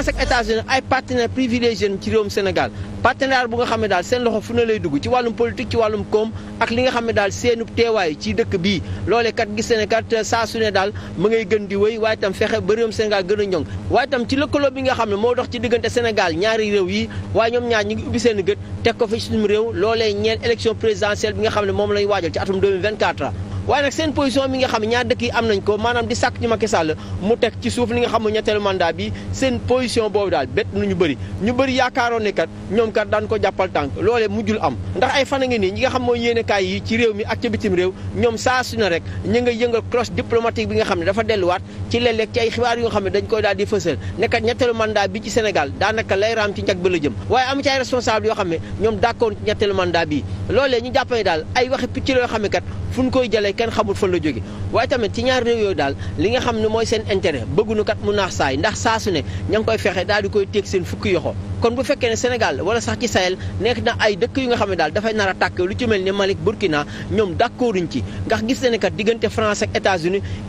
France ak États-Unis ay partenaires privilégiés ci réewum Sénégal partenaire bu nga xam ne daal seen loxo fu na lay dugg ci wàllum politique ci wàllum koom ak li nga xam ne daal seenu teewaay ci dëkk bii loolee kat gis ne kat saa su ne daal mu ngay gën di wéy waaye itam fexe ba réewum Sénégal gën a ñoŋ waaye itam ci lëkkaloo bi nga xam ne moo dox ci diggante Sénégal ñaari réew yi waaye ñoom ñaar ñu ngi ubbi seen gët te ko fi suñu réew loole ñeel élection présidentielle bi nga xam ne moom lañu waajal ci atum 2024 waaye nag seen position mi nga xam ne ñaar dëkk yi am nañ ko maanaam di sàkk ci Macky Sall mu teg ci suuf li nga xam ne ñetteelu mandat bi seen position boobu daal bett nañu bëri ñu bëri yaakaaroon ne kat ñoom kat daan ko jàppal tànk loolee mujjul am ndax ay fan a ngi nii ñi nga xam mooy yéenekaay yi ci réew mi ak ca bitim réew ñoom saa su ne rek ñu nga yëngal cloche diplomatique bi nga xam ne dafa delluwaat ci léeg-léeg ay xibaar yu nga xam ne dañ koy daal di fësal ne kat ñetteelu ci Sénégal daanaka lay raam la jëm waaye am ci ay yoo xam ne ñoom d'accord ci ñetteelu mandat bi loolee ñu jàpp ne daal ay waxi picc yoo xam kat fu ñu koy jëlee kenn xamul la jóge waaye tamit ci ñaar réew yooyu daal li nga xam ne mooy seen intérêt bëgguñu kat mu naax saay ndax saa su ne ña ngi koy fexe daal di koy teg seen fukki yoxo kon bu fekkee ne Sénégal wala sax ci Sahel nekk na ay dëkk yu nga xam ne daal dafay nar a tàkk lu ci mel ni Mali Burkina ñoom d'accorduñ ci ndax gis na ne kat diggante France ak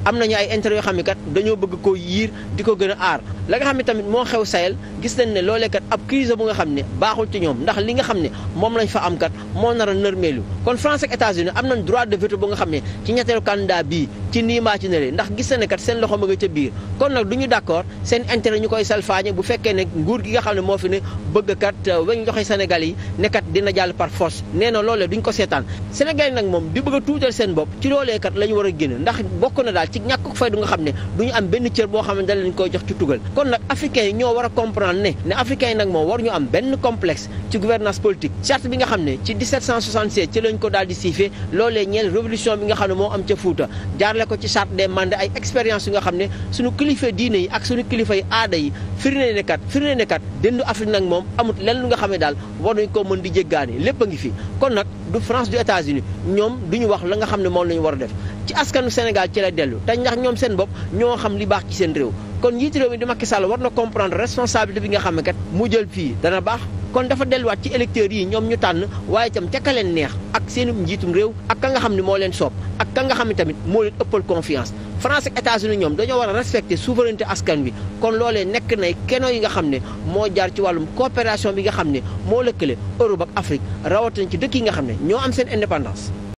am nañu ay intérêt yoo xam ne kat dañoo bëgg ko yiir di ko gën a aar la nga xam ne tamit moo xew Sahel gis nañ ne loole kat ab crise bu nga xam ne baaxul ci ñoom ndax li nga xam ne moom lañ fa am kat moo nar a nërmeelu kon France ak am nañ droit de veto bu nga xam ne ci ñetteelu seen loxo ma nga ca biir kon fekkee ne nguur moo fi bëgg kat euh, weñ joxe Sénégal yi ne dina jàll par nee na loolee duñ ko seetaan Sénégal yi nag moom di bëgg a tuutal seen bopp ci loolee kat la ñu war a génn ndax bokk na daal ci ñàkk ko fay du nga xam ne du am benn cër boo xam ne da leen koy jox ci tugal kon nag africains yi ñoo war a comprendre ne ne africains yi nag moom war ñu am benn complexe ci gouvernance politique charte bi nga xam ne ci 1767 ci lañ ko daal di loolee ñeel révolution bi nga xam ne moo am ca Fuuta jaarle ko nag moom amut lenn lu nga xam daal war nañ koo mën di jéggaani lépp a ngi fi kon nag du France du États-Unis ñoom du ñu wax la nga xam ne moom la ñu war a def ci askanu Sénégal ci la dellu te ndax ñoom seen bopp ñoo xam li baax ci seen réew kon njiitu réew mi di Macky Sall war na comprendre responsabilité bi nga xam ne kat mu jël fii dana baax kon dafa delluwaat ci électeurs yi ñoom ñu tànn waaye itam ca ka neex ak seen njiitum réew ak ka nga xam ne moo leen soob ak ka nga xam ne tamit moo leen ëppal confiance France ak États-Unis ñoom dañoo war a respecter souveraineté askan wi kon loolee nekk nay keno yi nga xam ne moo jaar ci wàllum coopération bi nga xam ne moo lëkkale Europe ak Afrique rawatina ci dëkk yi nga xam ne ñoo am seen indépendance